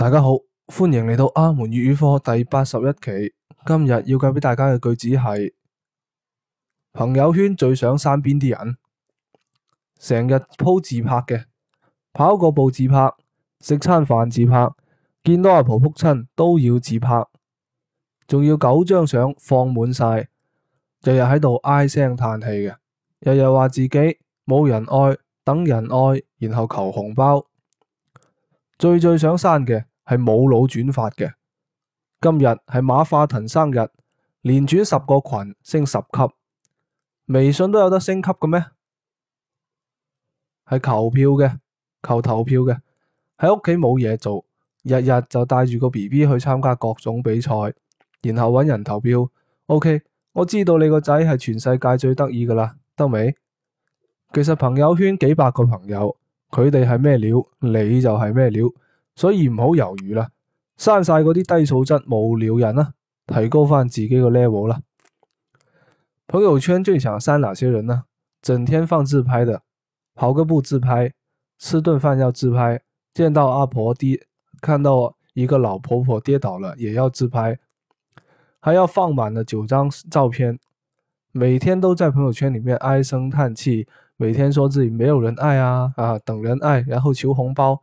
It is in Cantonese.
大家好，歡迎嚟到阿門粵語課第八十一期。今日要教俾大家嘅句子係：朋友圈最想刪邊啲人？成日 Po 自拍嘅，跑個步自拍，食餐飯自拍，見到阿婆扑親都要自拍，仲要九張相放滿晒，日日喺度唉聲嘆氣嘅，日日話自己冇人愛，等人愛，然後求紅包。最最想刪嘅。係冇腦轉發嘅。今日係馬化騰生日，連轉十個群升十級。微信都有得升級嘅咩？係求票嘅，求投票嘅。喺屋企冇嘢做，日日就帶住個 BB 去參加各種比賽，然後揾人投票。OK，我知道你個仔係全世界最得意噶啦，得未？其實朋友圈幾百個朋友，佢哋係咩料，你就係咩料。所以唔好猶豫啦，刪晒嗰啲低素質無聊人啊，提高翻自己個 level 啦。朋友圈最想刪哪些人呢？整天放自拍的，跑個步自拍，吃頓飯要自拍，見到阿婆跌，看到一個老婆婆跌倒了也要自拍，還要放滿了九張照片，每天都在朋友圈裏面唉聲嘆氣，每天說自己沒有人愛啊啊等人愛，然後求紅包。